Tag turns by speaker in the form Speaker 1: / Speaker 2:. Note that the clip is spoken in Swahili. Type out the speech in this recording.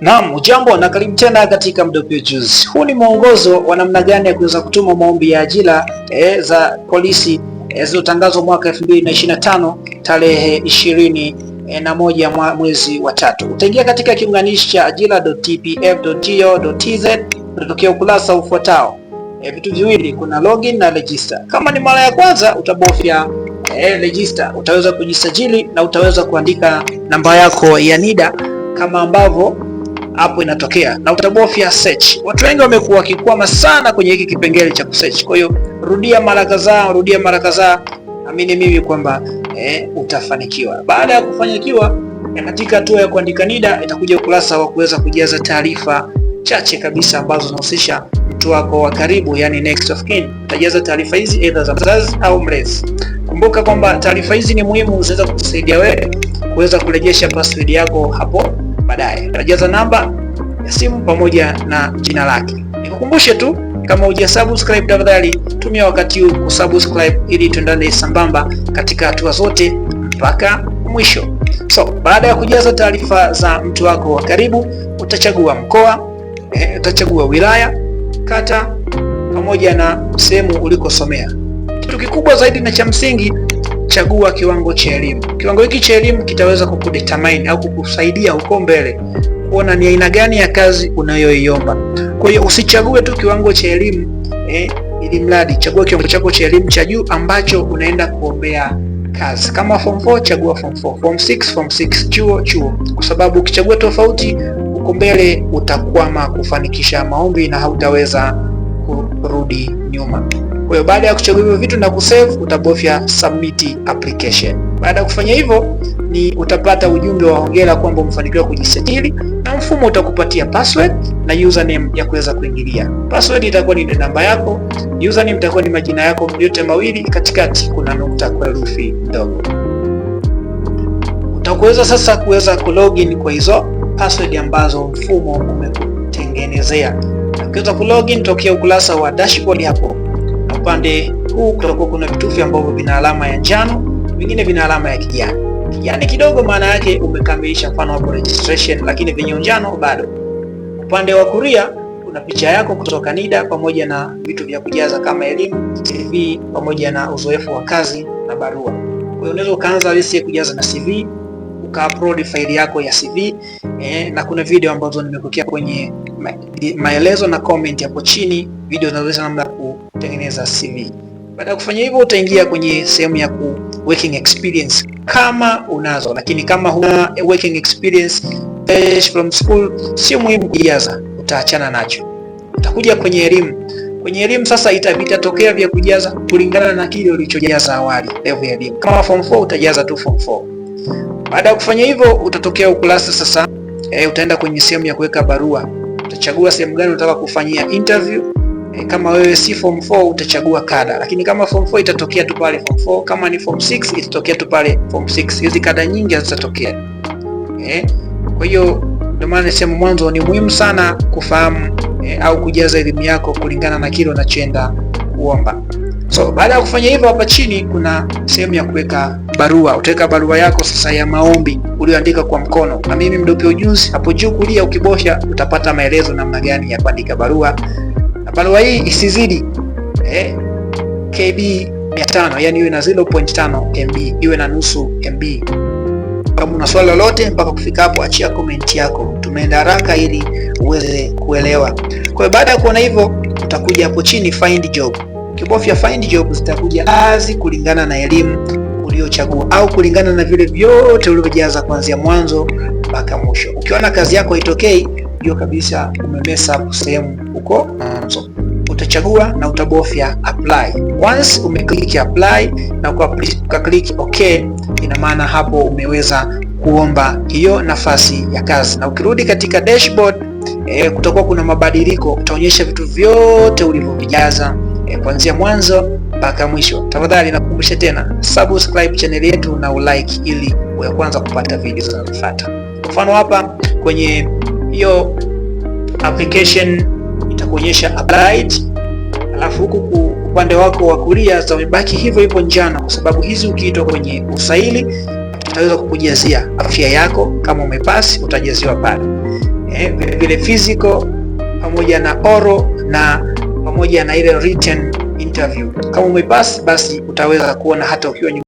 Speaker 1: Naam, ujambo na karibu tena katika Mdopio Juice. Huu ni mwongozo wa namna gani ya kuweza kutuma maombi ya ajira e, za polisi e, zilizotangazwa mwaka 2025 tarehe ishirini E, na moja mwezi wa tatu utaingia katika kiunganishi cha ajira.tpf.go.tz utatokea ukurasa ufuatao e, vitu viwili, kuna login na register. Kama ni mara ya kwanza utabofya e, register, utaweza kujisajili na utaweza kuandika namba yako ya NIDA kama ambavyo hapo inatokea, na utabofya search. Watu wengi wamekuwa wakikwama sana kwenye hiki kipengele cha kusearch. Kwa hiyo rudia mara kadhaa, rudia mara kadhaa, amini mimi kwamba eh, utafanikiwa. Baada ya kufanikiwa katika hatua ya kuandika NIDA, itakuja ukurasa wa kuweza kujaza taarifa chache kabisa ambazo zinahusisha mtu wako wa karibu, yani next of kin. Utajaza taarifa hizi either za mzazi au mlezi. Kumbuka kwamba taarifa hizi ni muhimu, zinaweza kukusaidia wewe kuweza kurejesha password yako hapo baadaye. Utajaza namba ya simu pamoja na jina lake. Nikukumbushe tu kama subscribe, tafadhali tumia wakati huu kusubscribe ili tuendane sambamba katika hatua zote mpaka mwisho. So baada ya kujaza taarifa za mtu wako wa karibu, utachagua mkoa, e, utachagua wilaya, kata pamoja na sehemu ulikosomea. Kitu kikubwa zaidi na cha msingi chagua kiwango cha elimu. Kiwango hiki cha elimu kitaweza kukudetermine au kukusaidia huko mbele kuona ni aina gani ya kazi unayoiomba. Kwa hiyo usichague tu kiwango cha elimu eh, ili mradi, chagua kiwango chako cha elimu cha juu ambacho unaenda kuombea kazi. Kama form 4 chagua form 4, form 6 form 6, chuo chuo, kwa sababu ukichagua tofauti huko mbele utakwama kufanikisha maombi na hautaweza kurudi nyuma. Kwa hiyo baada ya kuchagua hivyo vitu na kusave, utabofya submit application. Baada ya kufanya hivyo, ni utapata ujumbe wa hongera kwamba umefanikiwa kujisajili, na mfumo utakupatia password na username ya kuweza kuingilia. Password itakuwa ni namba yako, username itakuwa ni majina yako yote mawili, katikati kuna nukta kwa herufi ndogo. Utakuweza sasa kuweza kulogin kwa hizo password ambazo mfumo umekutengenezea. Ukiweza kulogin tokea ukurasa wa dashboard hapo upande huu kutakuwa kuna vitufe ambavyo vina alama ya njano, vingine vina alama ya kijani. Kijani kidogo maana yake umekamilisha, mfano hapo registration, lakini vyenye njano bado. Upande wa kulia kuna picha yako kutoka NIDA pamoja na vitu vya kujaza kama elimu, CV pamoja na uzoefu wa kazi na barua. Kwa hiyo unaweza ukaanza list ya kujaza na CV ukaupload faili yako ya CV eh, na kuna video ambazo nimekuwekea kwenye ma maelezo na comment hapo chini, video zinazoeleza namna kutengeneza CV. Baada ya kufanya hivyo, utaingia kwenye sehemu ya ku working experience kama unazo, lakini kama huna working experience fresh from school, sio muhimu kujaza, utaachana nacho. Utakuja kwenye elimu. Kwenye elimu sasa vitatokea vya kujaza kulingana na kile ulichojaza awali, level ya elimu. Kama form 4 utajaza tu form 4. Baada ya kufanya hivyo, utatokea ukurasa sasa. E, utaenda kwenye sehemu ya kuweka barua. Utachagua sehemu gani unataka kufanyia interview e, kama wewe si form 4 utachagua kada, lakini kama form 4 itatokea tu pale form 4, kama ni form 6 itatokea tu pale form 6. Hizi kada nyingi hazitatokea e, Kwa hiyo ndio maana nisema mwanzo ni muhimu sana kufahamu e, au kujaza elimu yako kulingana na kile unachoenda kuomba. So baada ya kufanya hivyo, hapa chini kuna sehemu ya kuweka barua. Utaweka barua yako sasa ya maombi ulioandika kwa mkono, na mimi Mdope Ujuzi hapo juu kulia ukibosha utapata maelezo namna gani ya kuandika barua barua hii isizidi eh, KB 500, yani iwe na 0.5 MB, iwe na nusu MB. Kama una swali lolote mpaka kufika hapo, achia komenti yako, tumeenda haraka ili uweze kuelewa. Kwa hiyo baada ya kuona hivyo, utakuja hapo chini find job. Ukibofya find job, zitakuja kazi kulingana na elimu uliochagua au kulingana na vile vyote ulivyojaza kuanzia mwanzo mpaka mwisho. Ukiona kazi yako haitokei, jua kabisa umemesa sehemu huko mwanzo. Utachagua na utabofya apply. Once umeklik apply na ukaklik okay, ina maana hapo umeweza kuomba hiyo nafasi ya kazi, na ukirudi katika dashboard e, kutakuwa kuna mabadiliko, utaonyesha vitu vyote ulivyovijaza e, kuanzia mwanzo mpaka mwisho. Tafadhali nakukumbusha tena, subscribe channel yetu na ulike ili uwe kwanza kupata video zinazofuata. Kwa mfano hapa kwenye hiyo application itakuonyesha applied, alafu huku upande wako wa kulia zitabaki hivyo hivyo njano, kwa sababu hizi ukiitwa kwenye usaili utaweza kukujazia afya yako. Kama umepasi utajaziwa pale eh, vile physical pamoja na oro na pamoja na ile written interview. Kama umepasi basi utaweza kuona hata ukiwa